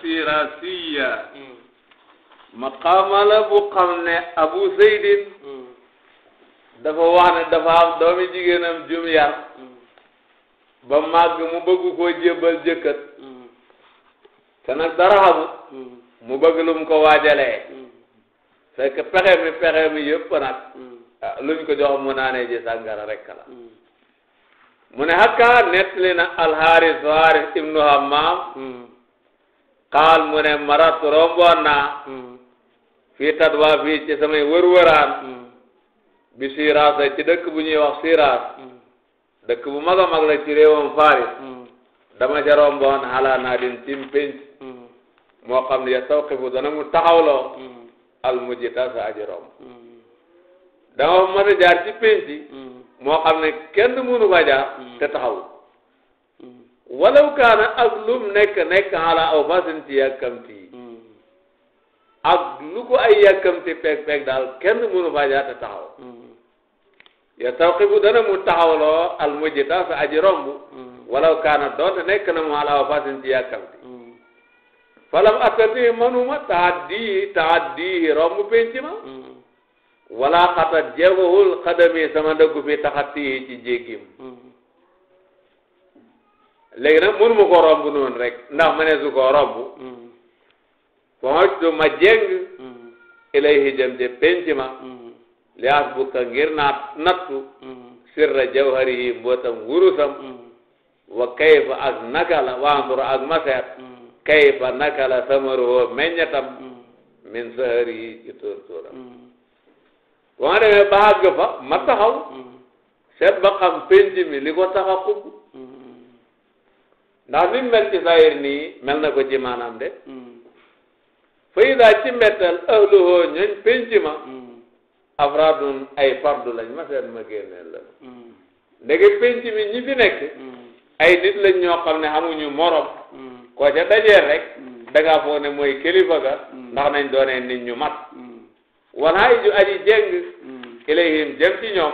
sirasiya maqaama la bu xam ne abu zeydin dafa wax ne dafa am doomi jigéenam jum ba màgg mu bëgg koo jébbal jëkkat te nag dara mu bëgg ko waajalee fekk pexe mi pexe mi yëpp nag ah, luñ ko jox mu naanee ji sàngara rekk la mu ne hakka nettali na alxaaris waaris ibnu hammaam xaal mu ne marat romboon naa fii tatwaa fii ci samay wërwëraan hmm. bi siiraas la ci dëkk bu ñuy wax hmm. dëkk bu mag a la ci réewam Faris hmm. dama ca romboon xalaa naa din cim moo xam ne ya tawqifu dana mu taxawloo al mujji ta sa aji romb dama ci pénc moo xam ne kenn mënu fa te taxawul walaw kaana ak lum nekk nekk ala aw masin ci yàkkamti hmm. ak lu ko ay yàkkamti peeg peeg daal kenn mënu faa jaate taxaw hmm. ya tawqifu dana mu taxawloo al mujjita sa aji romb hmm. walaw kaana doonte nekk na mu ala aw masin ci yàkkamti falam astati manuma taaddi taaddi romb penc ma wala xata jeewawul xadami sama ndëggu fi taxatti ci jéggim léegi nag mënu ma ko romb noonu rek ndax ma ne su ko romb fa mm-hmm. mojtu ma jéng mm-hmm. ilayhi jëm mm-hmm. li as bu ka ngir naa nattu sirra jawhari yi mbootam wurusam wa ak nakala waandur ak maseet kayfa nakala samaru woo meññatam min sahari yi ci tóor tóoram ba ma demee fa ma taxaw seet li ko tax a ndax ni mu mel ci zahir nii mel na ko ci maanaam de mm. fëy daa ci mbettal ahluhoo ñooñ penc ma mm. ay fardu lañ ma seet ma génneel la mm. ndege penc mi nekk ay nit lañ ñoo xam ne amuñu morom koo ca dajee rek da ngaa ne mooy kilifa ga ndax nañ doonee nit ñu mat walaay ju aji jeng ilayhim jëm ci ñoom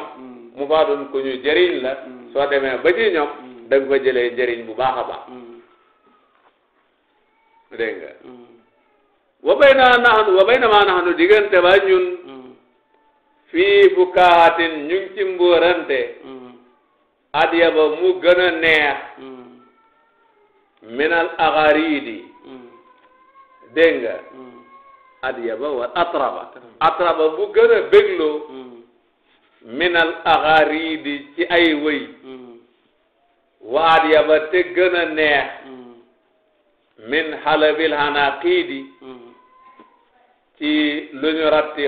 mu faadun ku ñu jëriñ la soo demee ba da nga fa jëlee njëriñ bu baax a mm. mm. wa bay na maa diggante ba ñun mm. fii bu kaaxaatin ci mbóorante adiya ba neex minal axariidi dégg nga adiya ba atraba atraba mu gën a bégloo minal ci ay wëy waat yaba te gën a neex mm-hmm. min xalabil xanaqiidi mm-hmm. ci lu ñu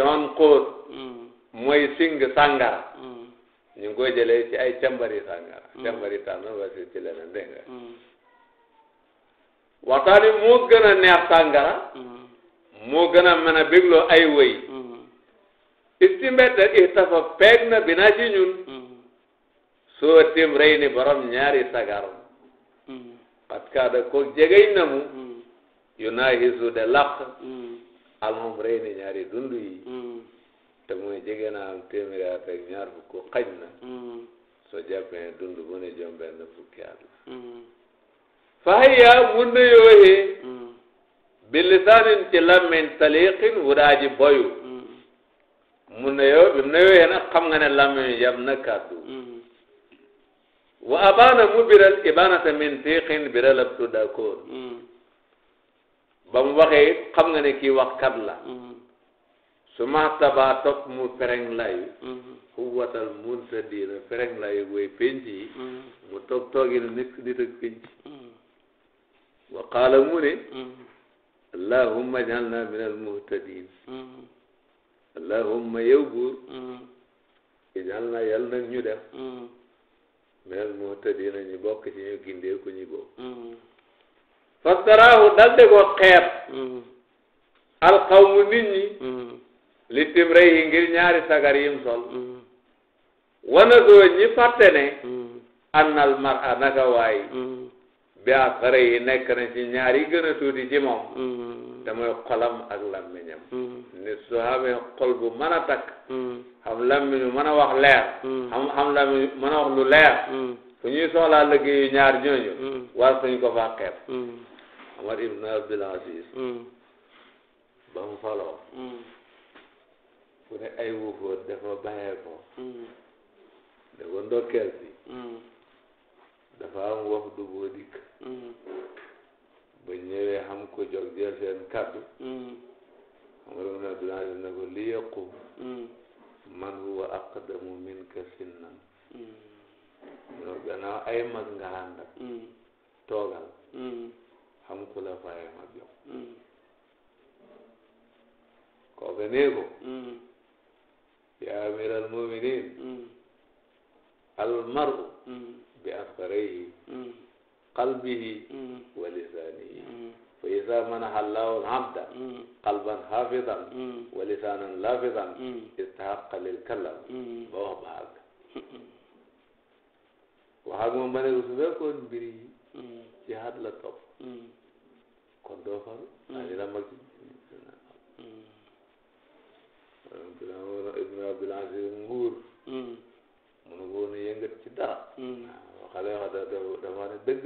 hon xóot mm-hmm. mooy sing sàngara ñu ngi koy ci ay càmbari sàngara càmbari tànn wasi ci leneen dégg nga waxtaani moo gën a neex sàngara moo gën a mën a bégloo ay wëy istimbetter ihtafa peeg na bi naa ci ñun so tim rey ni borom ñaari sagar parce que da ko jegeñ na mu yu naa hisu de làq alhum rey ni ñaari dund yi te muy jege naa am téeméeri at ak ñaar fukk xañ na soo jàppee dund bu ne jom benn fukki at la fahiya mun na yooyee bi lisaanin ci làmmiñ taliqin wu daa ji boyu mun na yoo bi mu na yooyee nag xam nga ne làmmiñ yam na kàddu wa abaana mu biral ibaanata min biral ab tuddakoor hmm. ba mu waxee xam nga ne kii wax kat la hmm. su ma taba topp mu pereng layu xuwatal hmm. muntadina pereng layu booy penc yi mu toog tooginu nit nit ak penc wa mu ne allahumma jalna min almuhtadin allahumma yow buur jalna yal nag ñu def mais moo tëddee na ñu bokk ci ñu gindee ku ñu góob. Mm-hmm. fastaraahu dal de ko xeeb. Mm-hmm. alxawmu nit ñi. Mm-hmm. li timre yi ngir ñaari sagar yim sol. wana doo ñi fàtte ne. annal mar a naka bi axara yi nekk na ci ñaar gën a tuuti ci moom mm-hmm. te mooy xolam ak làmmiñam mm-hmm. nit su xamee xol bu mën a takk mm-hmm. xam làmmiñu mën a wax leer xam xam làmmiñu mën a wax lu leer fu ñuy soxlaa liggéeyu ñaar ñooñu war suñ ko faa xeeb Omar ibn Abdul Aziz ba mu faloo fu ne ay wufóor dafa bàyyee ko da ko ndokkeel bi dafa am wax du boo Mm-hmm. ba ñëwee xam ko jóg jël seen kàddu mm-hmm. xam nga dinaa leen ne ko li yaqum mm-hmm. man huwa aqdamu minka sinnan non gannaaw ay mag nga ànd ak toogal xam ku la fay mag yow kooka nee ko yaa amir al muminin al maru bi asqarihi qalbihi mm. wa lisaanihi mm. fa izaa manaha Allahu al-abda mm. qalban haafidan wa lisaanan laafidan istahaqqa lil kalam ba wax ba àgg wax ak moom ma ne su fekkoon mbir yi ci had la topp kon doo faru alila mag Ibn Abdul Aziz nguur mënu ko woon yëngat ci dara ah. xale yoo xam ne na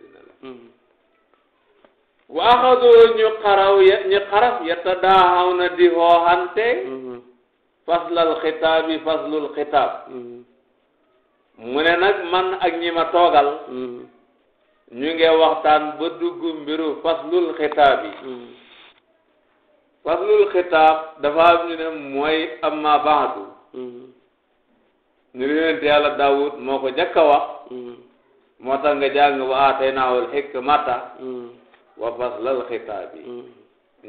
dina la. ñu xaraw ya ñu na di hooxante. Hmm. faslal xitaabi faslul xitaab. Hmm. mu ne nag man ak ñi ma toogal. Hmm. ñu ngi waxtaan ba dugg mbiru faslul xitaab yi. faslul xitaab dafa am ñu ne mooy amma baadu ñu ne yonent yàlla Daawud moo ko njëkk a wax moo tax nga jàng wa aataynaahul hikmata wa faslal xitaabi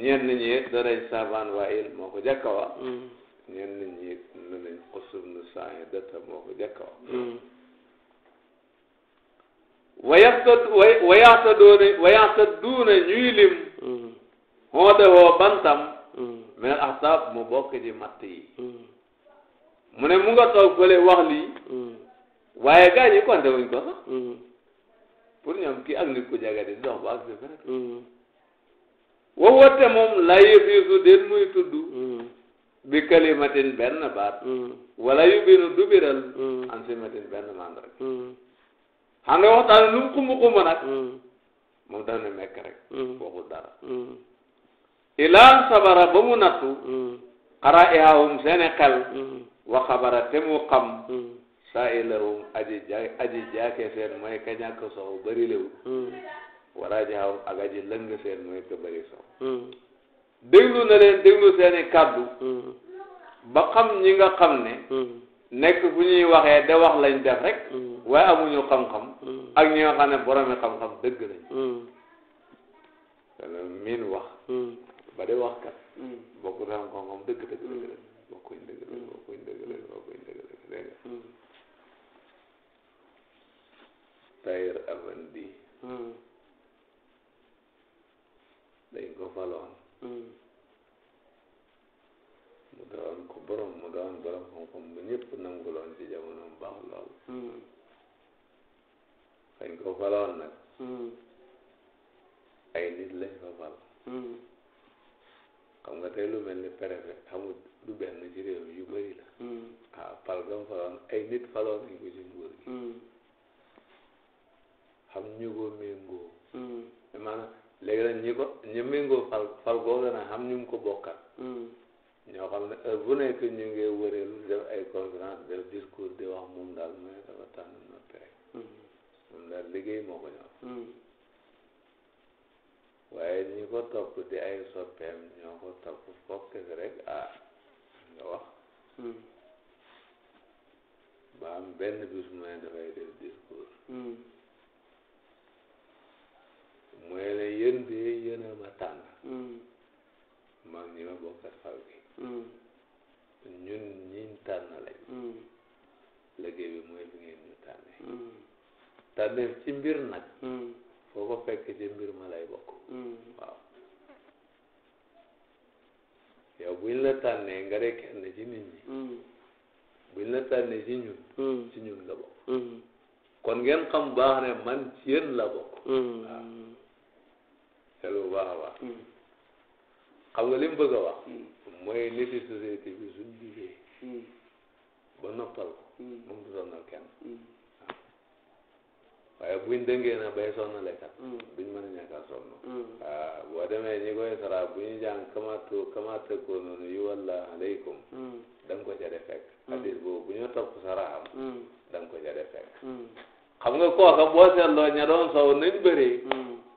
ñenn ñi danañ saban waayil moo ko njëkk a wax ñenn ñi danañ xusum nu saani data moo ko njëkk a wax wa yaxtadduuna wa yaxtadduuna ñuy lim xoote woo bantam min mm. al ahsaab mu bokk ci matt yi mm. mu ne mu nga toog fële wax lii mm. waaye gaa ñi konte wuñ ko sax pour ñoom kii ak nit ku jagadi dox ba ak si rek woowu te moom la yëfiisu den muy tudd bi kalimatin benn baat wala yu binu dubiral an simatin benn man rek xam nga waxtaan lu mu xumb xumb nag moom daf ne mekk rek waxul dara ilaa sabara ba mu nattu xara mm. ihaawum seeni xel mm. wa xabara te mu xam mm. saa ilawum aji ja aji jaake seen mooy ka ñàkk sow bëri lew wara jaawum ak aji lëng seen mooy ka bëri sow déglu na leen déglu seeni kàddu ba xam ñi nga xam ne nekk bu ñuy waxee de wax lañ def rek waaye amuñu xam-xam ak ñi nga xam ne boromi xam-xam dëgg lañ miin wax ba de wax kat. bokkul am xam-xam dëgg dëgg dëgg dëgg. bokkuñ dëgg dëgg bokkuñ dëgg dëgg bokkuñ dëgg dëgg dégg nga. Tahir Avandi. dañ ko faloon. mu doon ko borom mu doon borom xam-xam bu ñëpp nanguloon ci jamono baax lool. dañ ko faloon nag. ay nit lañ ko fal. xam nga tey lu mel ni préfet amul du benn ci réew yu bëri la waaw pal gam faloon ay nit faloon nañ ko ci nguur gi hmm. xam ñu ko méngoo hmm. maanaam léegi nag ñi ko ñi méngoo fal fal googu nag xam ñu ko bokkal hmm. ñoo xam ne heure bu nekk ñu ngi wëree lu def ay conférence def discours di wax moom daal mooy dafa tànn noppi rek moom daal liggéey moo ko ñor waaye ñi ko topp di ay soppeem ñoo ko topp fokk rek ah nga wax hmm. ba am benn bis mu ne dafay def discours mooy hmm. ne yéen de yéen a ma tànn hmm. mag ñi ma bokkat xaw gi ñun ñiñ tànn lañ liggéey bi mooy bi ngeen ñu tànnee tànneef ci birna nag foo ko fekk ci mbir ma lay bokk mm. waaw yow buñ la tànnee nga dee kenn ci nit ñi mm. buñ la tànnee ci ñun mm. ci ñun la bokk kon ngeen xam baax ne man ci yéen la bokk waaw xelu baax a baax xam nga li mu bëgg a wax mooy nit yi société bi suñ jugee ba noppal ko moom du sonnal kenn waaye buñ dëngee na bay sonn lekkat mm. duñ mën a ñàkk a sonn mm. ah boo demee ñi koy sara bu ñu jàng kamatu kamatu ko noonu yu walla aleykum mm. da nga ko ca de fekk hadis boobu bu ñu topp saraxam da ko ca fek fekk xam nga kooka boo seetloo ña doon sow nañ bëri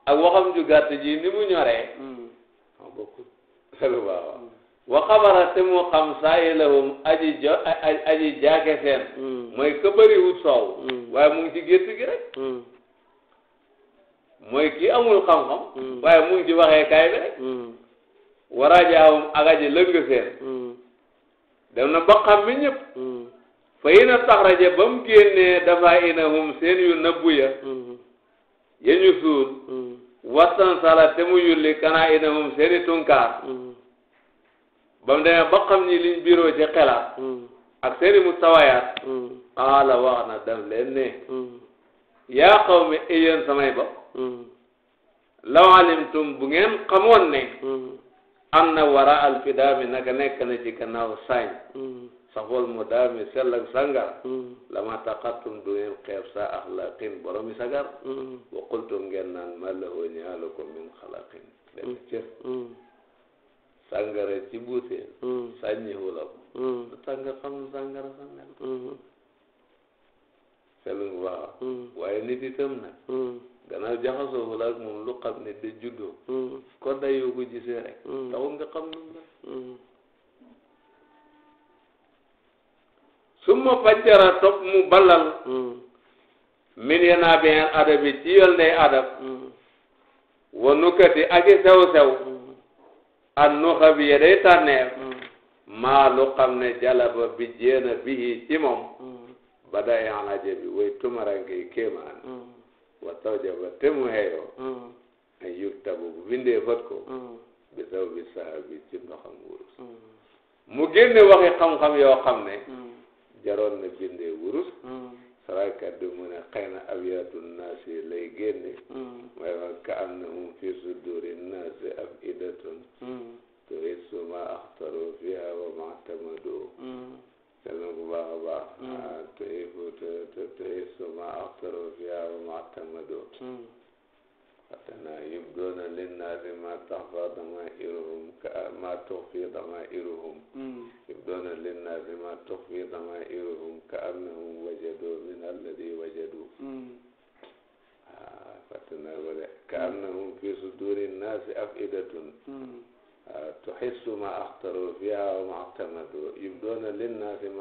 ak waxam ju gàtt ji ni mu ñoree xam bokkul selu baawa wa xabara te mu xam saayilahum aji jo aji jaage seen mm. mooy ka bëri wut soow mm. waaye mu ngi ci gétt gi rek mm. mooy kii amul xam-xam waaye mu ngi ci waxee kaay bi rek warajaawum ak aji lëng seen dem na ba xam mi ñëpp fa ina taxraja ba mu génnee dafa inahum seen yu nëbbu ya ya ñu suul wastan sala te mu yulli kanaa inahum seeni tunkaar ba mu demee ba xam ni liñ biroo ci xelaat mm. ak seeni mustawayaat qaala mm. wax na daf leen mm. yaa qawmi ay yéen law alimtum bu ngeen xamoon ne am na wara alfidaami naka nekk na ci gannaaw saañ saxol mu daami sell ak sangar lama taqattum du ngeen xeeb sa axlaqin boromi sagar wa qultum ngeen naan ma lahu ñaalakum min xalaqin sangara ci buuteen mm. sànni wula ko mm. lu tànga xam sangara sangara mm-hmm. selu ngu baax mm. waaye nit itam nag gannaaw jaxasoo wula ak moom lu xam ne de juddoo ko dayoo ko gisee rek taxul nga xam lu la summa fajjara topp mu balal min yenaa bien adabi ci yol ndey adab wa nukkati ak i sew sew an nu xab yi day tànneef maa lu xam ne jalaba bi jéena bihi ci moom mm. ba day alaje bi way tumaranke kéemaan mm. wa tawjaba te mu xeeyoo mm. ay yug tabu bu bindee ko bi saw bi sahabi ci ndoxam wurus mu génne waxi xam-xam yoo xam ne jaroon na bindee wurus saraakat bi mu ne xëy na abiyaatu naas yi lay génne mooy mm. wax ka am na hum fi suduri naas ab idatun mm. turit suma axtaru fiha wa maxtamadu sell mm. bu baax a baax ah, turit suma axtaru fiha wa maxtamadu fatana yubduna linnaasi ma taxfa damairuhum ka ma tuxfi damairuhum yubduna linnaasi ma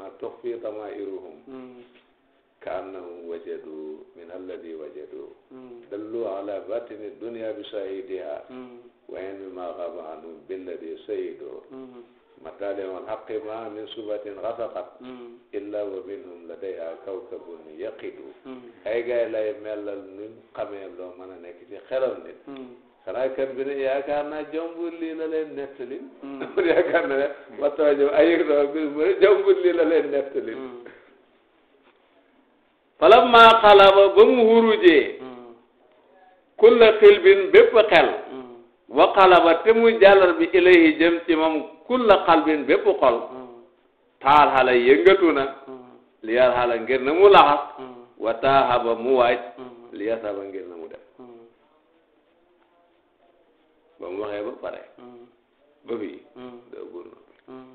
ma tuxfi damairuhum kaannahum wajadu min alladi wajadu dallu ala batini dunia bi shahidiha wa in mimma xaba anhum billadi shahidu mataalihum alxaqi ma min subatin xasaqat illa wa minhum ladayha kawkabun yaqidu ay gaay lay melal nuñ xamee loo mën a nekk ci xelal nit xanaa kan bi ne yaakaar naa jombul lii la leen nettali. Hmm. Hmm. Hmm. falam maa xalaba ba mu hurujee. kulla xilbin bépp xel. wa xalaba te mu jàllar bi ilayhi jëm ci moom kulla xalbin bépp xol. taal xala yëngatu na. liyaal xala ngir na mu laxas. wa taahaba mu waaj. liyaasaba ngir na mu def. ba mu ba pare hmm. ba fii hmm. doo góor noppi hmm.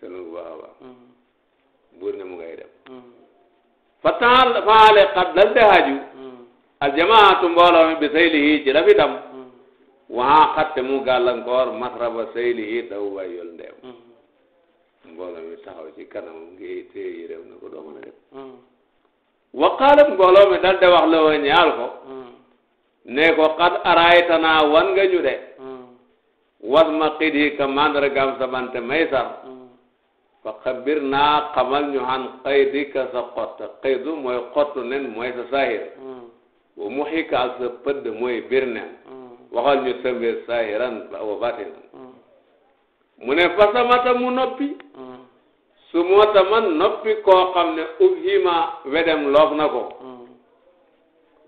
sunu a baax buur ne mu ngay dem fa taal faale xat lal haju aljamaatu mbooloo mi bi saylihi ci lafitam waa xatte mu gàllankoor masraba saylihi daw way yol ndeem mbooloo mi taxaw ci kanam ngi téye yi réew na ko doo mën a dem waqaalat mbooloo mi dal de wax la wa ñaal ko ne ko xat araytanaa wan nga ñu de mm. was ma xidi ka mandargam sabante maysar mm. fa xabir naa xamal ñu xan xaydi ka sa xott xaydu mooy xottu nen mooy sa sahir mm. wa mu xika ak sa pëdd mooy bir nen waxal ñu sa mbir sahiran wa batinan mu ne fa samata mu noppi su moo noppi koo xam ne ubhima wedem loof na ko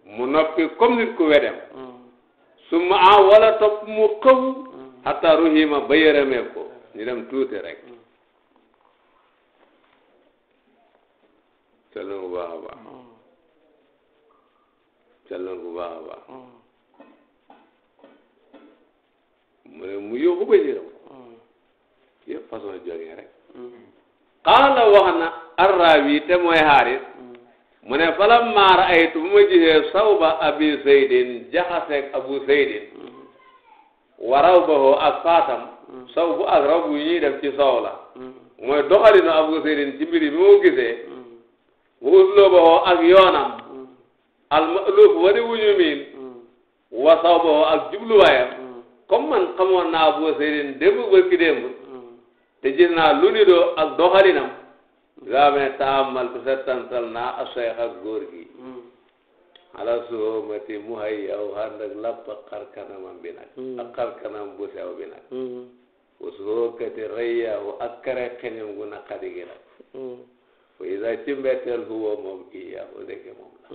mu noppi comme nit ku wedem mm. su ma wala topp mu xëw mm. hatta ruhima ba yërëmee ko ñu dem tuuti rek callan mm. ku baax a baax callan ku baax a baax mu ne mu yóbbu ba yërëm yëpp façon jógee rek qaala wax na arraawi te mooy xaarit mu ne falam maar ay tu bu ma gisee abi zeydin jaxaseeg abu zeydin waraw ba hoo ak faatam saw bu ak raw bu ñuy ci soow la mooy doxalinu abu zeydin ci mu gisee wa usloo ba hoo ak yoonam almaluf wari wuñu miin wa ba hoo ak jubluwaayam comme man xamoon abu zeydin démb bërki démb te gis naa lu ak doxalinam gaa me taamal bi settantal naa aseex ak góor gi hmm. ala suhumati mu hayyaw ànd ak lapp ak xar kanamam bi nag hmm. ak xar kanam bu sew bi nag hmm. wa suhukati rayyahu ak kare xeñam gu naqari gi nag fa ida ci mbetteel huwa moom iyyahu ndeke moom la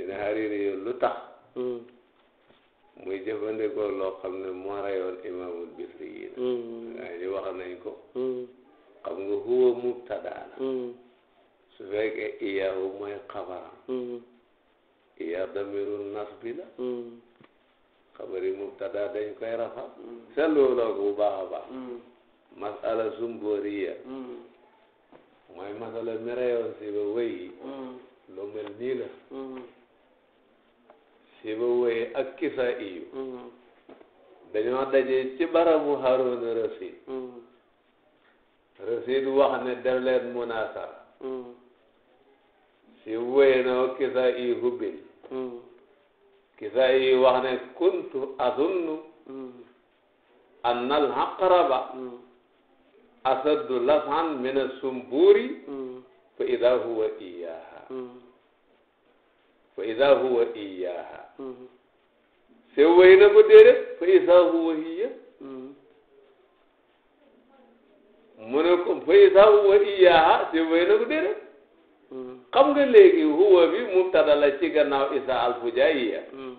dina hariri yoon lu tax muy jëfandikoo loo xam ne moo rayoon imaamul bisri yi nag ñu wax nañ ko xam nga huwa mubtada la mm. su fekkee iyaahu mooy xabaram mm. iyaa nas bi la mm. xabari mubtada koy rafa seetluwuloo ko bu baax a baax masala sumboriya mooy masala mi reyoon si ba wéyi ak kisa iyu dañoo daje ci barabu Harouna Rashid Sidu wax ne def leen munasara mm. si wéy na kisa yi hubbin mm. kisa yi wax ne kuntu azunnu mm. anna alhaqraba asaddu lasan min assumburi fa ida huwa iyaha fa ida huwa iyaha si wéy na ko déedéet fa ida huwa hiya mu ne ko fay sax huwa iyaaha si fay na ko déedéet hmm. xam nga léegi huwa bi mubtada la ci gannaaw isa alfujaiya hmm.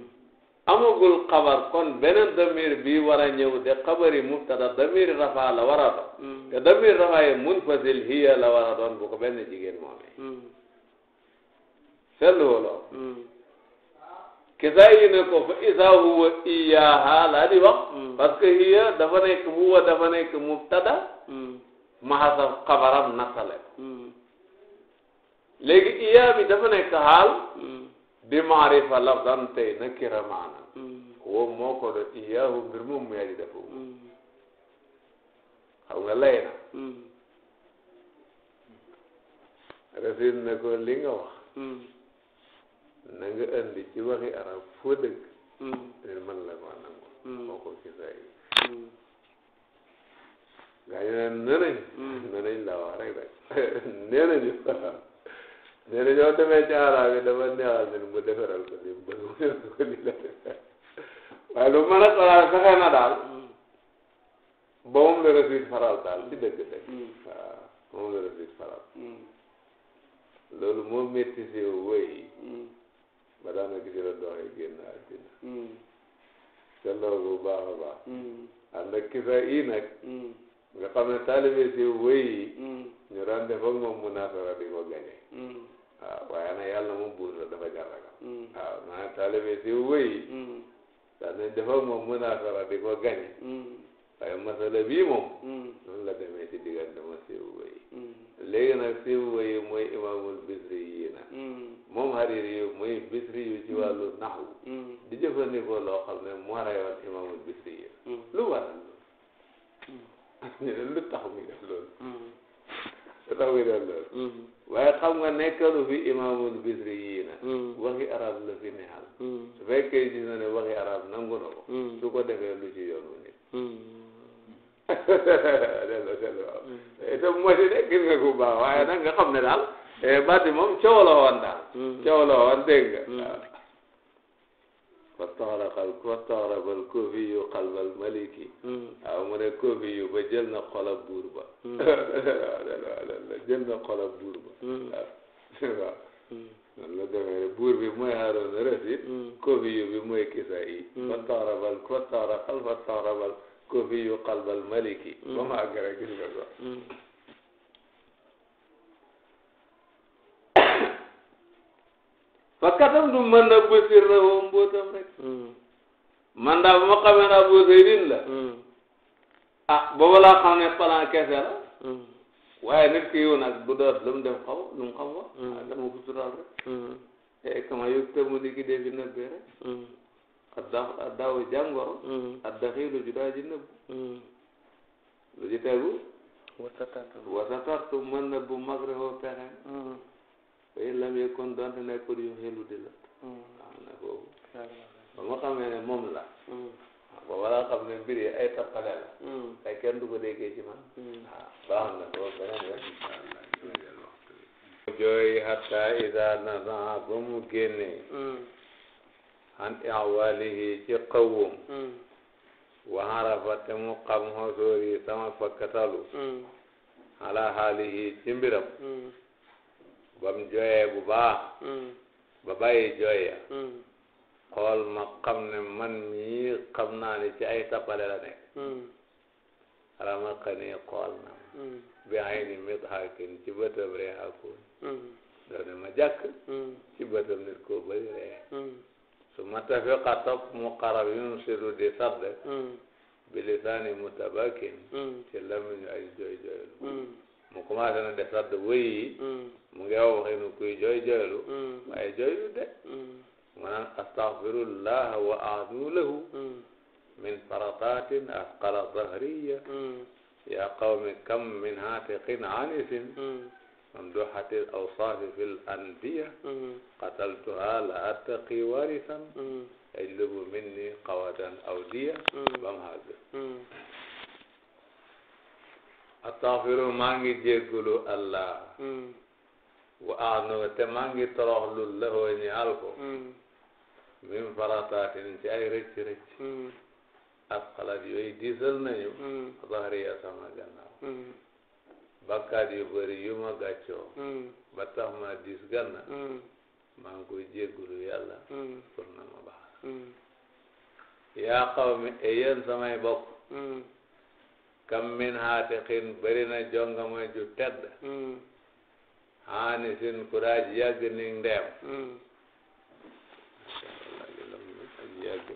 amagul xabar kon beneen damir bi war a ñëw de xabari mubtada damir rafa la war a doon hmm. damir rafa yi munfasil hiya la war a bu ko benn jigéen moomee seetlu wooloo kisa yi ko fa isa huwa iyaaha laa di wax parce hiya dafa nekk huwa dafa nekk mubtada ma xasab xabaram nasale ko hmm. léegi iyaa bi dafa nekk xaal di hmm. maarifa lafdan tey nakira maana hmm. woo moo ko do iyaahu mbir moom mu yaji dafa xam nga lay na rasul ne ko li nga wax na nga ci waxi arab foo dëgg te man la ko nangu moo ko gaa yi ne nenañ nenañ la wax rek rek nenañu nenañ ñoo demee ci araab mu defaral ko li mu bëgg ko lii la waaye lu mën a xalaat fexe daal ba moom la rëdd faral daal ci dëgg dëgg waaw moom la rëdd faral loolu moo métti si wéy ba daana gisi la doxee génn àddina te loolu bu baax a baax ànd ak nga xam ne taalibe si wéy yi mm. ñu daan def ak moom munaasara di ko gañe mm. waaw waaye nag yàlla moom buur la dafa jar ragal mm. waaw maanaam taalibe si wéy yi daan nañ def ak moom munaasara di ko gañe waaye masala bii moom noonu la demee ci diggante ma si wéy léegi nag si wéy yi mooy imaamul bisri na moom hariri yu mooy bisri yu ci wàllu naxwu di jëfandikoo loo xam ne moo rayoon ñu ne lu tax muy def loolu mm-hmm. lu tax muy def loolu mm-hmm. waaye xam nga nekkalu fi imaamul bisri yii na mm-hmm. waxi arab la fi neexal su fekkee gis na ne waxi arab nangu na ko su ko defee lu ci yoonu nit dello dello waaw te mooy di ne gis nga ku baax waaye nag nga xam ne daal eh, baati moom coow la woon daal coow la woon dégg nga fastaxraqal fastaxraqal koofi yu xalbal maliki waaw mu ne koofi yu ba jël na xolab buur ba jël na xolab buur ba waaw noonu la demee buur bi mooy Haroon Rasid koofi yu bi mooy kisa yi fastaxraqal fastaxraqal fastaxraqal koofi yu xalbal maliki ba ma àgg rek gis nga ko fa katam du mën na bësir la woo mbootam rek hmm. man daa ba ma xamee ne Abu Zaydin la hmm. ah booba laa xam ne plan kese la hmm. waaye nit ki yow nag du doot lu mu def xaw lu mu xam wa ah dama ko sural rek e kama yóg ta mu digi dee fi nëbbee rek adda addaawu jàngoro addaxiilu ju daa ji nëbbu lu ji tegu wasatartu wasatartu mën na bu mag rek woo pexe ba in lam yakun donte nekkul yu xelu di la ne boobu ba ma xamee ne moom ne mbir yi ay la kay hmm. kenn du ko déggee ci man waaw hmm. ah, baax na boobu mu hmm. jooy hatta ida nasaa ba mu génnee an iwaalihi ci qawum wa arafa te mu xam xosóor yi sama fakkatalu ala xaalihi ci mbiram ba mu jooyee bu baax hmm. ba bàyyi hmm. ma xam ne man mii xam naa ne ci ay tapale la nekk hmm. ramakani xool na bi ay ni mit hakin ci bëtam ree hakoon doone ma jàkk ci bëtam nit koo bëri ree su ma tafiqa topp mu xarab yun siru di sadd bi lisaani mutabakin ci lamiñu ay jooy jooylu mu commencé na def sadd wëy yi mm. mu ngi aw waxinu kuy jooy jooylu mm. waaye jooylu de mm. mu naan astaghfirullah wa aadu lahu min faratatin asqala zahriya ya qawmi kam min haatiqin anisin ممدوحة الأوصاف في الأنبياء قتلتها لا أتقي وارثا يجلب مني قوة أودية بمهاجر astaghfiru maa ngi jéggulu allah hmm. wa aano te maa ngi toroxlu lahoo ñaal ko hmm. min farataatin ci ay rëcc rëcc hmm. ak xalaat yu diisal nañu zahriya sama gannaaw bakkaat yu bëri yu ma gàccoo ba tax ma diis ganna maa ngi koy jéggulu yàlla pour na ma baax yaa xaw mi e yéen samay bokk kam min haatiqin bëri jongama ju tedd hmm. haani sin kuraaj yàgg ni ndeem hmm. yàgg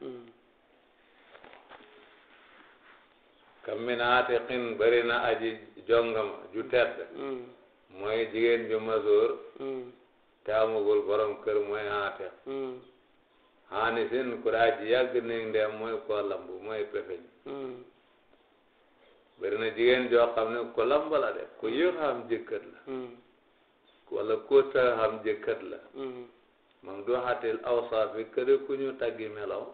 hmm. kam min haatiqin bëri jongama ju tedd mooy jigéen ju masoor te amagul borom kër mooy Aatiq xaani hmm. seen kuraaj yàgg nañ ndeem mooy koo lamb mooy pefeñ hmm. bëri jigéen joo xam ne ko lamb la def ko yëg xam jëkkër la hmm. wala koo sa xam jëkkër la moom du xatil awsaaf bi këre ku ñu taggi melaw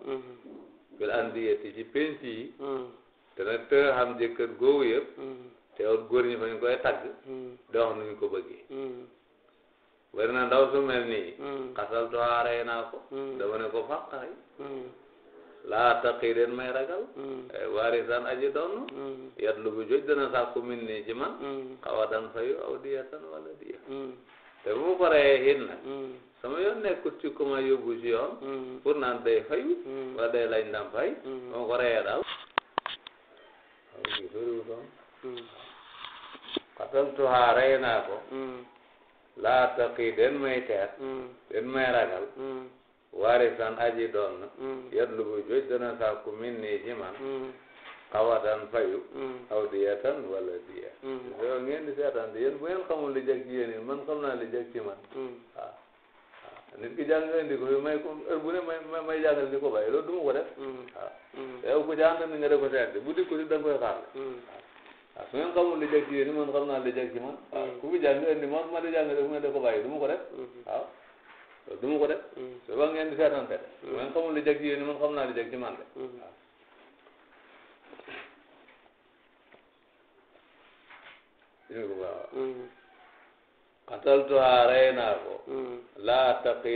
fil andiyati ci penc yi dana të xam jëkkër googu yëpp te góor ñi fañ koy tagg doo xam nuñ ko bëggee wér na ndaw su mel tuha rey naa ko. dama ne ko faqaay. laa taqi den may ragal. waarisan aji doon. yatlu bu joj dana sàkku min nii ci man. fayu aw diyatan wala diya. te bu mu paree hit sama yoon nekkut ci kuma yóbbu ci yoon. pour naan day fayu. wala day lañ fay. ba mu ko tuha rey naa ko. laa taqi den may teet mm. den may ragal mm. warisan aji doon na mm. yatlubu joj dana sàkku min nii ci man xawatan fayu aw diyatan wala diya so ngeen di seetaan di yéen bu ngeen xamul li jag ci yéen man xam naa li jag ci man waaw nit ki jàng indi ko fi may ko bu ne may may jàngal ni ko bàyyi loolu du ma ko def waaw yow ku jàng ni nga ko seet bu dikku si da nga koy xaar waaw waaw su ngeen xamul lu jag ci man xam naa lu jag man. waaw ku fi jàng indi man di jàng def ngeen ko bàyyi hmm. du ko def. waaw du ma ko def. souvent ngeen di seetante. su ngeen xamul lu jag ci yéen man xam naa lu jag man de. waaw. dégg nga waaw. xatal tuha rey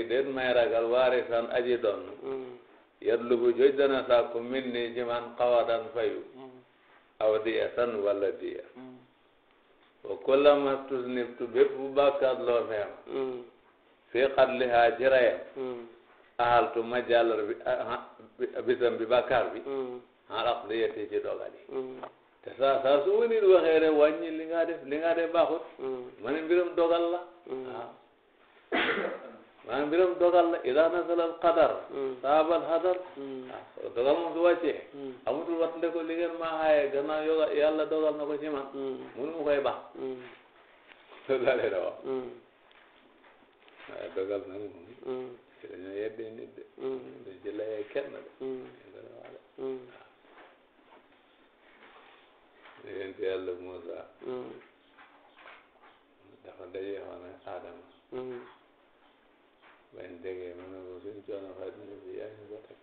den may ragal waarisan aji doon. Hmm. yadlubu joj dana sàkku ni ci man xawadan fayu. aw diyatan wala diya wa kullama tuznibtu bépp bu li loo neex fii xatlihaa ci rayam ahaltu ma jàllar bi bisam bi bàkkaar bi xalaq diyati ci dogal yi te saa saa su ma nit waxee ne li nga def li nga def baaxut ma ne mbiram dogal la waaw maanaam mbiram dogal la ida nasalal qadar hmm. saabal hadar hmm. ah, dogal moom su amutul wat ko li ma xaaye gannaaw yoga dogal na ko ci man hmm. mu koy baax loolu laa leen wax dogal na moom ci dañoo yeddi nit de da jëlee kenn de diggante ah. yàlla Moussa dafa daje woon ak Adama bañ déggee ma ne ko suñ coono faj ñu fi yaa ngi ko teg.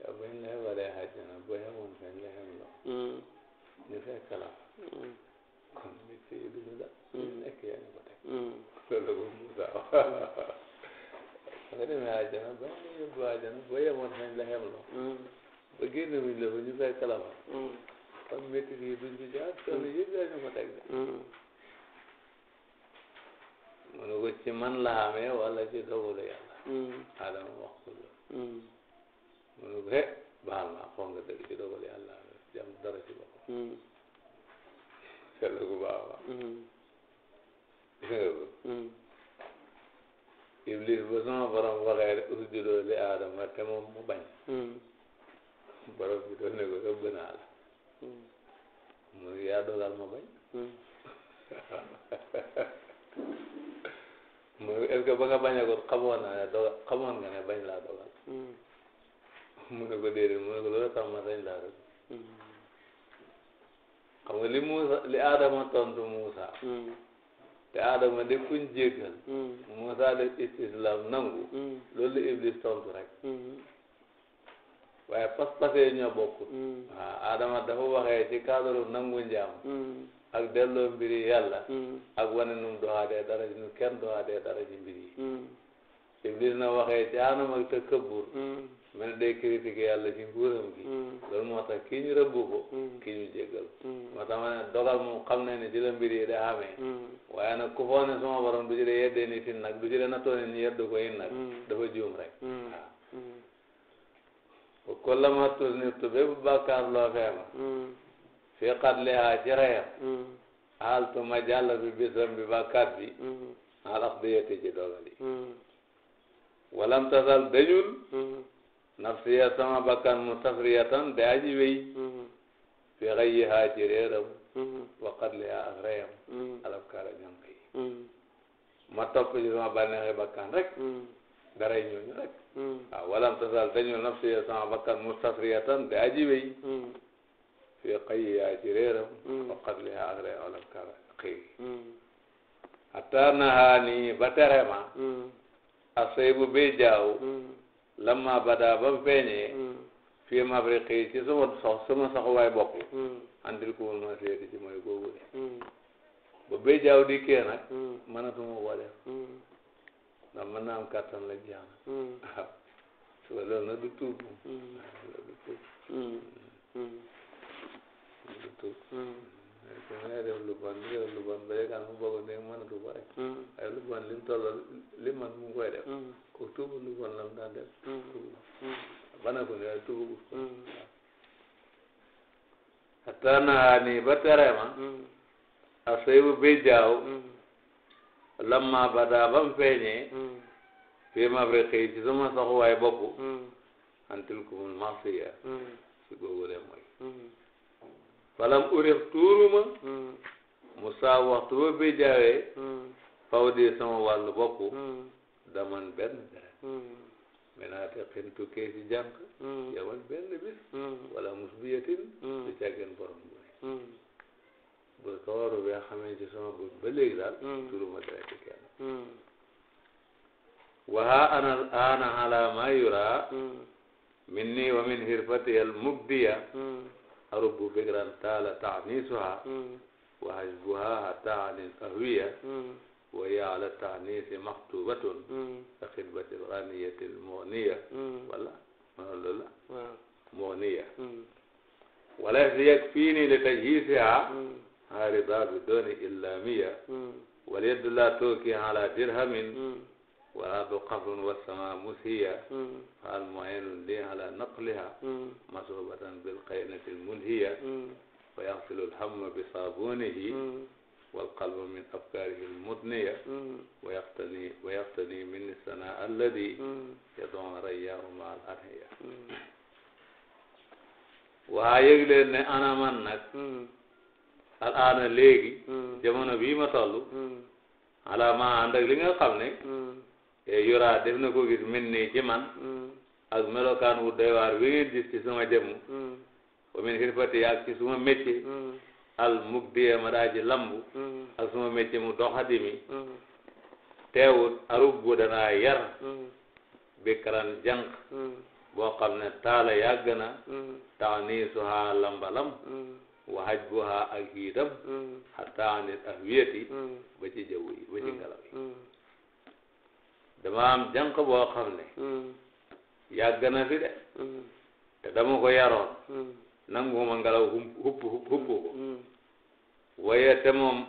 yow bañ la waree àjjana boo yemoon fañ la yem loo. ñu fekk la. kon nit yi duñu la. ñu nekk yaa ngi ko teg. loolu ko Moussa wax. nga demee àjjana bañ la yóbbu àjjana boo yemoon fañ la yem loo. ba génn wuñ la ba ñu fekk la fa. kon métti yi duñ ci jaar coono yëpp yaa ngi ko teg de. mu mm. mm. ko eh, ci man la amee wala ci dogalu yàlla adama wax ko loolu mu ne ko he baal ma xool nga dëgg ci dogalu yàlla jam dara ci boppam seetlu mm. ko baax a baax Iblis ba sama borom waxee rek usjudoo li Aadama te moom mu bañ borom bi doon ne ko rëbb naa la mu yaa dogal ma bañ mooy est ce que ba nga bañ a ko xamoon naa ne dogal xamoon nga ne bañ laa dogal. Hmm. mu ne ko déedéet mu ne ko loolu tax ma bañ laa dogal. Hmm. xam nga li Moussa li Adama tontu Moussa. Hmm. te Adama de kuñ jéggal. Moussa def islam nangu. loolu la Iblis tontu rek. waaye pas-pas yi ñoo bokk. waaw Adama dafa waxee ci cadre nangu njaam. ak delloo mbir yi hmm. ak wane nu mu doxaatee dara nu kenn doxaatee dara ci mbir yi. Hmm. Iblis na waxee ci anam ak takabbur. Hmm. mel day critiqué yàlla ci nguuram gi. loolu moo tax kii ñu rëbbu ko. kii ñu jéggal. moo tax ma ne dogal moom xam nañ ci la mbir yi da amee. waaye nag ku foog ne sama borom du ci dee yeddee nit yi nag du ci dee nattoo nit ñi yeddu ko yi nag. dafa juum rek. waaw. la ma tudd nit bépp bàkkaar loo fee fi qatlihaa ci reyam mm. xaaltu ma jàll bi bisam bi bàkkaat bi mm. al aqdiyati ci dogal yi mm. walam tasal dañul nafsiya sama bakkan mustafriyatan de aji wéy fi xayyihaa ci réeram wa qatlihaa ak reyam alaf kaara ñànk yi ma topp ci sama bànneexi bakkan rek daray ñooñu rek walam tasal dañul nafsiya sama bakkan mustafriyatan de aji wéy fii xayyaa ci réeram faqat li ak olaf kara xëy hatta nahaa nii ba tere ma asay bu bay jaaw lamma badaa ba mu ci sama sox sama saxuwaay bopp andil ko wul ma seeti ci mooy googu de ba bay jaaw nag mënatuma ko def ndax mën naa am kattan la jeex na waaw so loolu surtout. su ma def lu bon di def lu bon ba yaakaar mu bëgg ne mënatu ko rek. waaye lu bon lim tolloo li man mu koy def. kooku tuubu lu bon la mu daan def. bana ko ne waaye tuubu. hatta naa nii ba tere ma. asay bu bi jaaw. lamma badaa ba mu feeñee. fii ma fay xëy ci sama soxuwaay bopp. antil kumul masiya. si googu mm. mm. de mooy. falam urix tuuruma hmm. mu saa waxtu ba bi jaawee hmm. faw sama wàllu bopp hmm. daman benn dara menaate xin tukkee ci jànq yaman benn bis wala musbiyatin du caggeen borom buri bu kawaru bee xamee ci sama bopp ba léegi daal tuuruma dara ci kenn waha ana ana ala ma yura minni wa min hirfati al arubu fikran taala taanisuha wa hajbuha hatta anil ahwiya wa hiya ala taanisi maktubatun ka xidbatil ganiyatil moniya wala manoon loolu la moniya walaysa yakfini li tajhisiha harida bi dooni illamiya wal yaddu la tooki ala dirhamin wala du qabrun wa sama musiya faal mu'inun li ala naqliha masubatan bil qaynati al munhiya wa yaxsilu al hamma bi saabunihi wal qalba min afkaarihi al mudniya wa yaxtani wa yaxtani min sana alladi yadon rayyahu ma al anhiya waa yëg leen ne ana man nag al aana léegi jamono bii ma toll ala ma ànd ak li nga xam ne yura def na ko gis min nii ci man mm. ak melokaan wu doy waar wi ngeen gis ci suma jëmm mm. wa min xirfati ak ci suma métier mm. al mugdiya ma daa ji ak suma métier mu doxadi mi teewut arubbu danaa yar bi karan jànq boo xam ne taala yàgg na tax nii suhaa lambalam waxaj bu haa ak hiitam xataa nit ak wiyati ba ci jaww yi ba ci ngelaw yi dama am jànq boo xam ne hmm. na fi de hmm. te dama ko yaroon hmm. nanguma ngelaw hupp hupp ko waaye te moom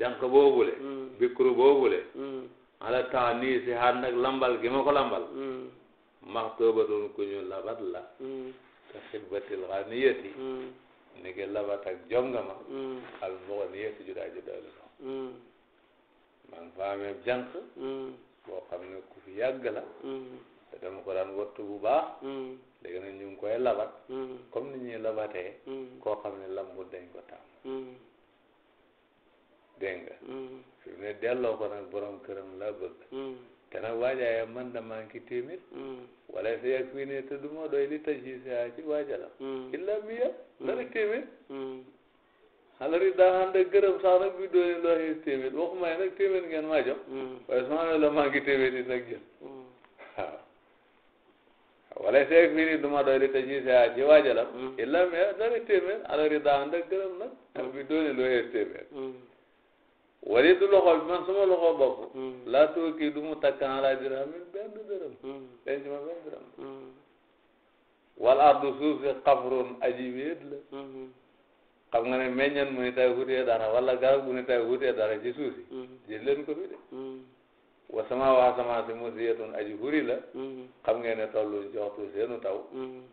jànq boobule bikru boobule ala tax nii si ànd lambal gi ma ko lambal maxtoobatun ku ñu labat la te xibbatil xaniyati ni ki labat ak jongama al muxniyati judaa ju doole man faamee jànq boo xam ne ku fi yàgg la mm. te dama ko daan wattu bu baax mm. léegi nag ñu ko koy labat mm. comme ni ñuy labatee koo xam ne lambu dañ ko tam dégg nga fi mu ne delloo ko nag borom këram mu bëgg te nag waajaayam man damaa ngi téeméer wala sa yàgg fii ne te du ma doy li taj si saa ci waaja la illa miya dara téeméer xanari daa xande gërëm sax nag bi doole loo xëy téeméer waxuma yi nag téeméer ngeen maa jox hmm. waaye su ma amee la maa ngi téeméer yi nag jël hmm. waaw wala seeg fii ni duma doy di te ñi see ji waajalam hmm. illa mais ah, dari téeméer xanari daa xande gërëm nag ak bi doole loo xëy téeméer wali du loxo bi man suma loxo bopp laa tuur kii du mu takkan ala dirhamin benn dërëm denc ma benn dërëm wal ardu suuf si xafrun aji wéet la xam nga ne meññan mu ni tay dara wala garab bu ni tay wutee dara ci suuf mm-hmm. ko fi de mm-hmm. wa sama waa si mu siyatun aji la mm-hmm. xam ngeen ne tollu ci waxtu seenu taw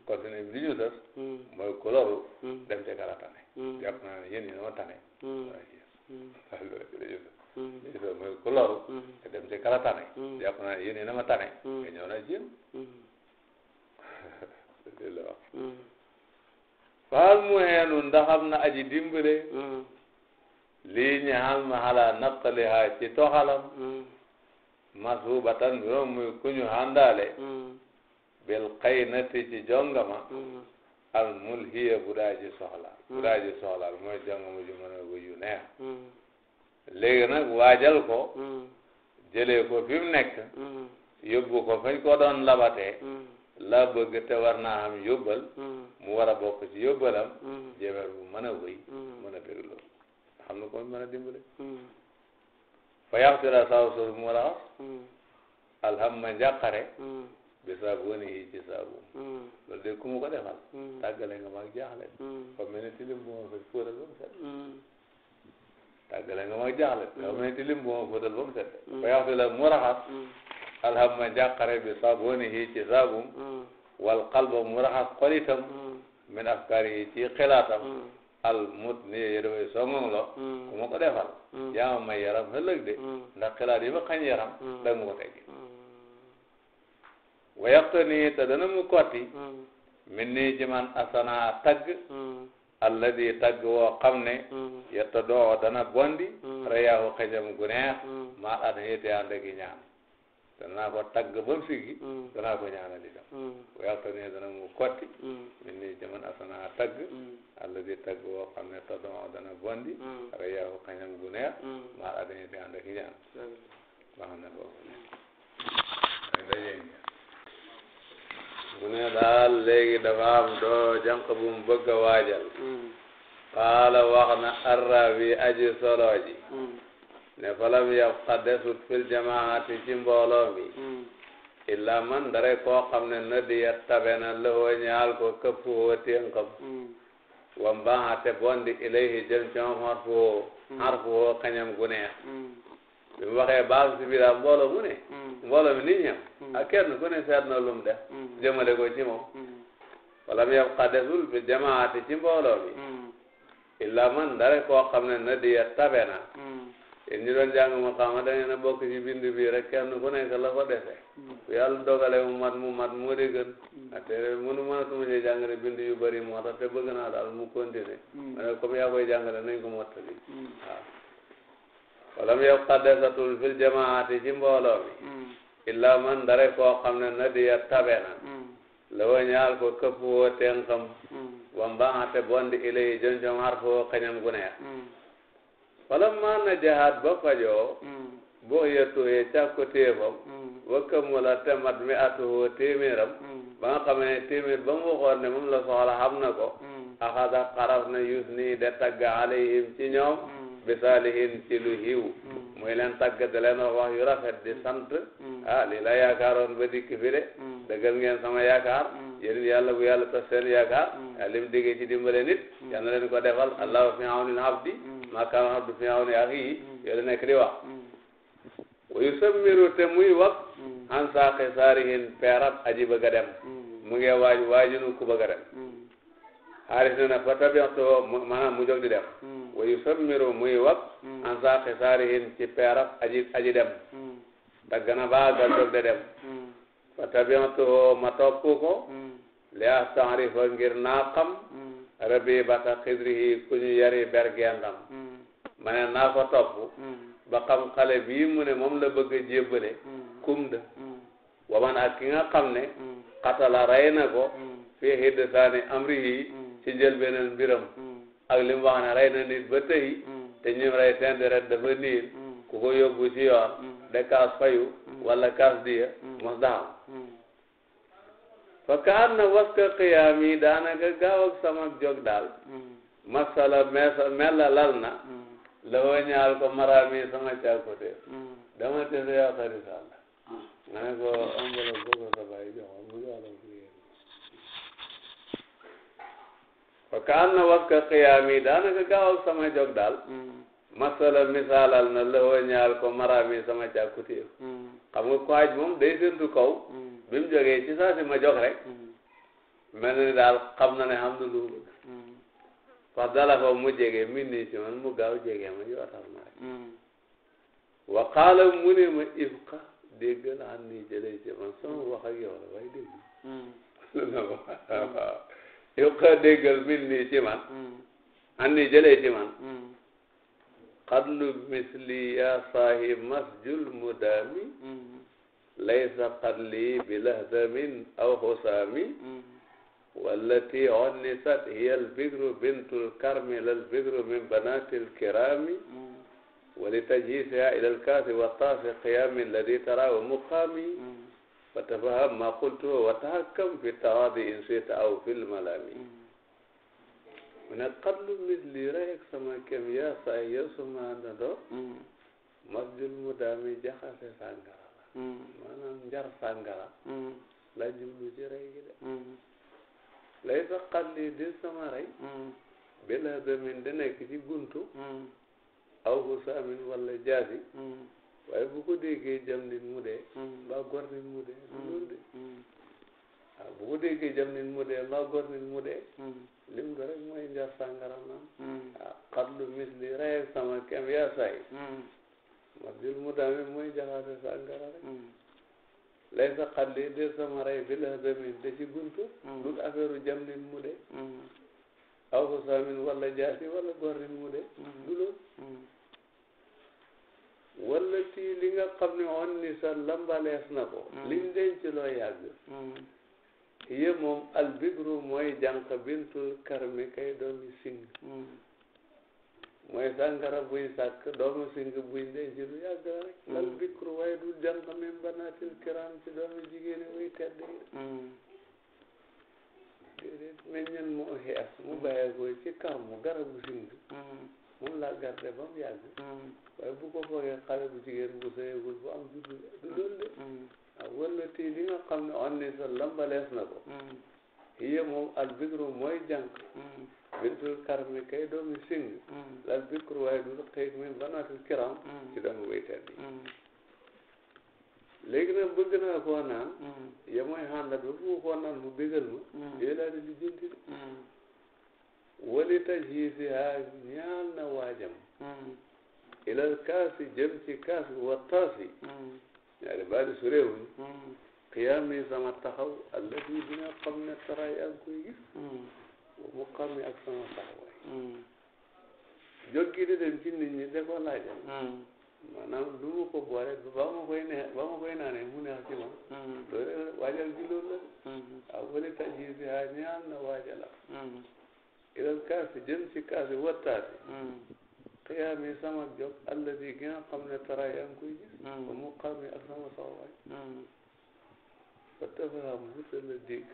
continue bi li ñu sas mooy koloru dem ca kala tane jàpp naa ne yéen ma tane dem ca kala tane jàpp naa ne yéen yéen ma tane nga faal mu heenu ndax am na aji dimbale mm. lii ñu am ma xalaat naftaliha ci toxalam mm. masubatan yoon muy ku ñu àndaale mm. bil qaynati ci jongama al mulhiya bu daa ji soxla bu daa ji soxlaal mooy jongama ju nag waajal ko jëlee ko fi nekk yóbbu ko fañ ko doon labatee la bëgg te war naa mu war a bokk ci yóbbalam mm. jéeméer bu mën a wëy mm. mën a bégloo xam na ko mën a dimbale mm. fa yaxtira saw sos mu raxas alhamma njàqare bi saabuuni yi ci saabu loolu de ku ko defal tàggale nga maag jaaxle fa mel ni tilim bu ma fët fóotal ba mu set tàggale nga maag jaaxle fa mel tilim bu ma fóotal ba mu set fa yaxtira mu raxas alhamma njàqare bi saabuuni yi ci saabu wal qalba mu raxas xol itam min afkaar ci xelaatam hmm. al mut ni yee dafay e songong lo hmm. ku ma ko defal hmm. yaa may yaram ëllëg de ndax xelaat yi ma xañ yaram da nga ko teggi wayaqta nii te dana mu kotti min nii ci man asana tagg alladi tagg woo xam ne yetta doo dana bondi rayaahu xejam gu neex maa at hete ànd ñaan danaa ko tagg ba mu sigi. Mm. danaa ko ñaanal itam. bu mm. yàlla tënnee dana mu kotti. min mm. jaman asana tagg. àll bi tagg woo xam ne toddoon dana bondi. ak yow kañam gu neex. maa la dañuy di ànd ak ñaan. daal léegi dafa am doo jànq bu mu bëgg a waajal. xaala aji solo ne falam yabqa desut fil jamaati ci mbooloo mi hmm. illa man dare koo xam ne nadiya tabe na lëhoo ñaal ko këpp woo ténkam wa hmm. mbaaxa te bondi ilayhi jëm ci moom xarfu woo xarfu hmm. kañam gu neex bi mu waxee baax si mu ne mbooloo mi nit ñam ak kenn ne seet na lum def jëmale ko ci moom falam yabqa desul fil jamaati ci mbooloo mi illa man dare koo xam ne nadiya tabe na yéen ñi doon jàng ma xama da ngeen a bokk ci bind bi rek kenn ku nekk la ko defe bu mm. yàlla dogalee mu mat mu mat moo di gën mm. te mënu ma suma ci jàngale bind yu bëri a tax te bëgg naa daal mu continuer mm. ma ne comme yaa koy jàngale nañ ko mottali waaw walam yow fil jamaati ci mbooloo illa man dare koo xam ne na diya tabe na la wa ñaal ko këpp woo teen xam wam baaxate bondi ilay jonjom har foo xañam gu neex falamma najahat ba fajoo hmm. boo yettuhee càkko téefam hmm. wakka mu la te mat mi atuhoo téeméeram hmm. ba nga xamee ne téeméer ba mu waxoon ne moom la soxla xam na ko axada xaraf na yus nii de tagg alayhim ci ñoom bisalihin ci lu hiw muy leen tagg da leen wax yu rafet di sant ah lii la yaakaaroon ba dikk fi de dëggal ngeen sama yaakaar yéen yàlla bu yàlla tas seen yaakaar lim diggee ci dimbale nit yal leen ko defal allahu fi awnil abdi maa kaana abdu fi awni axiihi yooyu nekk di wa te muy wax han saa xisaarihin peerab aji bëgg dem mu ngi waaj waajinu ku bëgg a dem xaalis ne na fa tabiatoo mu jóg di dem wa yusammiru muy wax han saa xisaarihin ci peerab aji dem tagg na baa gal jóg di dem fa tabiatoo ma topp ko li astarifa ngir naa xam rabi bata xidrihi ku ñu yari bergendam ma ne naa ko topp mm. ba xam xale bii mu ne moom la bëgg a jébbale mm. kum da mm. waman ak ki nga xam ne xatala rey na ko fii hiddasaani amri ci jël beneen mbiram ak li mu wax ne rey na nit ba tey te ñim rey seen deret dafa niir ku ko yóbbu ci yoon de kaas fayu wala kaas diya mos daam fa kaan na waska xiyaam yi daanaka gaaw ak sama jog daal masala meesa mella lal la woo ñaal ko maraami sama càkkute hmm. dama te sa yaa xarit Sàlla ah. nga ne ko ambalo bëgg sa bàyyi jox mu jox la ko yéen fa kaan na ka xiyaami daanaka gaaw sama jóg daal hmm. masala misaalal na la woo ñaal ko maraami sama càkkute hmm. xam nga ko aj moom day séntu kaw bi mu jógee ci saa si ma jóg rek mel na ni daal xam na ne xam fadala fa mu jege min ni ci man mu gaaw jege ma yootal ma rek hmm. wa qaala mu ne ma ifqa déggal an ni jëlee ci man sama wax ak yow la waaye dégg hmm. hmm. ifqa déggal min ni ci man an ni jëlee ci man qadlu misli ya saahi masjul mudaami laysa qadli bi lahdamin aw xusaami wallati onnisat hiya albidru bintul karmi lalbidru min banati alkirami walitajhisiha ila alkasi wattaasi qiyami alladi tarahu muqami fatafaham ma qultuhu watahakkam fi tawadi in shita aw fi lmalami mu ne qatlu misli rek sama kem ya say ya suma ndodo masjul mu daami jaxase sàngara la maanaam njar sàngara la jublu ci rey gi de lay sa xalli di sama rey mm. bila damin da nekk ci guntu mm. aw husaamin walla jaasi mm. waaye bu ko déggee jam nit mu dee gor nit mu dee loolu de waaw ah, bu ko déggee jam nit mu dee mbaa gor nit mu lim ko rek mooy njar sàngaram naan ah, waaw xatlu misli rey sama kem yaa ma dil mu daamee mooy jaxaate sàngara rek lay sa xalli de sama rey bi la demin de ci buntu dul mm. affaire jam nin mu de mm. aw ko saamin walla jaasi walla gor nin mu de mm. du lool walla tii li nga xam ne on ni sa lambalees na ko liñ denc loo yàgg ye moom albibru mooy jànq bintul karmi kay doomi sing mooy sàngara buy sàkk doomu sing buy denc lu yàgg la rek mm. lal bikru waaye du jànq min banaatil kiram ci doomu jigéeni way tedd yi mm. déedéet meññen moo xees mu bàyyeekoo ci karmu garabu sing moom laa garde ba mu yàgg mm. waaye bu ko foogee xale bu jigéen bu sëyegul bu am juddu du loolu de waaw wala tey li nga xam ne on ni sa lambalees na ko hiya moom al bikru mooy jànq bintul karmi kay doomi sing mm. lal bikkur waaye du xëy min banaatul kiram mm. ci doomu bay tedd bëgg naa koo naan mm. ya mooy xàndat ba ma koo naan mu bégal ma yooyu laa taj yi si haa na waajam ilal kaasi jëm ci kaas wa taasi ñaari baadi su réewuñ xiyaam taxaw allah bi dina xam ne taray ak gis mu xam mi ak sama taxawaay hmm. jokki di dem ci nit ñi da ko laajal hmm. maanaam lu ma ko boole ba ma koy ne ba ma koy naanee mu neex ci ma hmm. loolu waajal gi loolu la waaw wala tajir bi haa ah, ñaan na waajala ilal kaasi jëm ci kaasi wattaasi xiyaam yi sama jóg àll bi gi nga xam ne tara yaa ngi koy gis ba mu xam mi ak sama soxlaay ba tafaxam wutal la dégg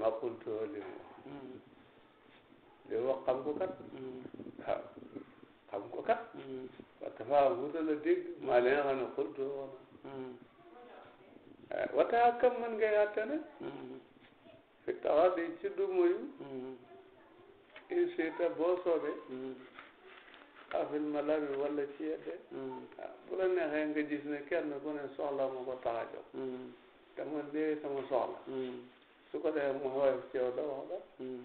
ma kuntu li mu wax hmm. li mu wax xam ko kat waaw hmm. ah, xam ko kat parce hmm. que faa wuta la dégg maa leen kuntu wax na eh, wataa kam man ngay àtte ne fi tawa di ci du muyu insiita boo soobee afil ma labi walla ci yedde ah, bu la neexee nga gis ne kenn ku ne soxla ma ko tax a jóg te man léegi sama soxla su ko defee mu xaw a ci yow doo wax hmm.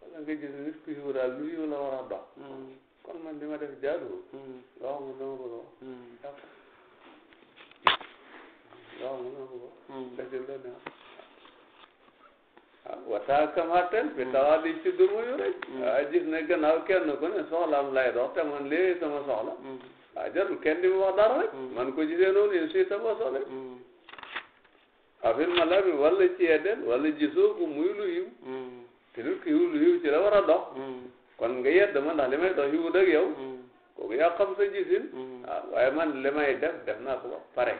wala nga gis nit ku yiw daal lu yiw la war a dox hmm. kon man li ma def jaaduwul hmm. loo xam ne dama ko dox loo xam ne dama ko dox ah, ci duma yu rek ah gis ne gannaaw kenn ku ne soxlaam lay dox te man lii sama soxla ah jarul kenn di wax dara rek man ko gisee noonu yéen suy tabasoo rek afil malami walla ci eden walla gisoo ko muy lu hmm. te nit ki yiw lu ci la war a dox hmm. kon nga yedd ma ndax li may dox yiw dëgg yow hmm. kooku yaa xam sa gisin ah waaye man li may def def naa ko ba pare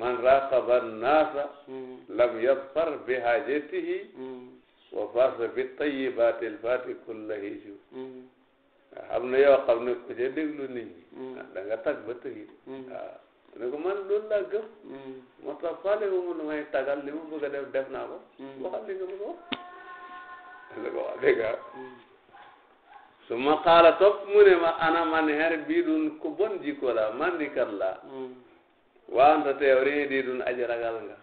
man raqaba naasa lam yadfar bi hajatihi wa fasa bi tayibati lfati kulla hiju xam ne yoo xam ne ku ca déglu nit ñi ah, da nga tag ba tëgi waaw ah. ne ko man loolu laa gëm. Hmm. moo tax faale ko mu nu may tagal li mu bëgg a def def naa ko. Hmm. waxal li nga bëgg a wax. ne ko wax dëgg ah. Hmm. su ma xaala topp mu ne ma ana man her bii dun ku bon jikko la man di kat la. waaw ndax te yow rii di dun aji ragal nga.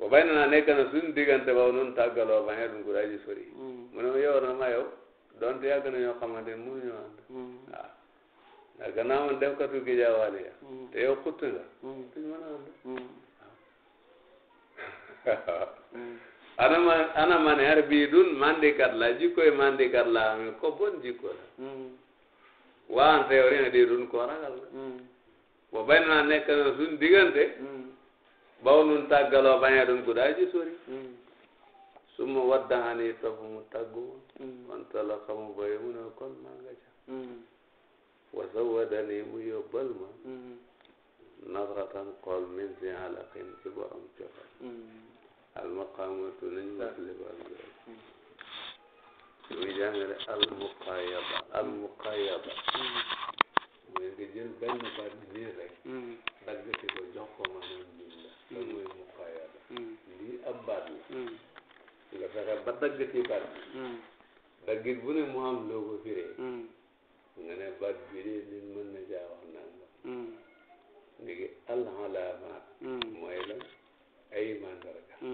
wa bay na naa nekk na suñu diggante ba noonu tàggaloo ba her dun ku aji sori. mu ne ma yow na ma yow donte yàgg na ñoo xamante ne mënuñu ànd. nga ah, gannaaw man dem katu gi jaawaale ya hmm. te yow xutt nga duñ hmm. mën a ànd hmm. ana man ana man her bii dun mandikat la jikkoy mandikat la amee ko bon jikko waan te yow rek di ko ragal la bo bay naa nekk na suñ diggante baw nun tàggaloo bañee dun ku daa ji sori su ma waddaxani topp mu tàggu ma kon tala xamu ba yow mu ne kon maa nga ca wasawadani mu yóbbal ma mm-hmm. nasratan xool min si alaqin ci borom cofal mm-hmm. almaqamatu nañ maslibal jool mm-hmm. muy jàngale almuqayada almuqayada muy nga jël benn baat nii rek dagg ci ko jox ko maanaam jumla loolu mooy muqayada lii ab baat la nga fexe ba dagg ci baat bi daggit bu ne mu am loo ko firee nga ne baat bii de nit mën na caa wax nangam. léegi hmm. alxalaamaat. Hmm. mooy la ay mandarga. xam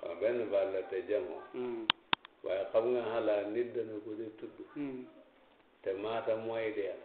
hmm. benn la te jamoo. waaye xam nga xalaa nit dana ko di tudd. te maata mooy dee.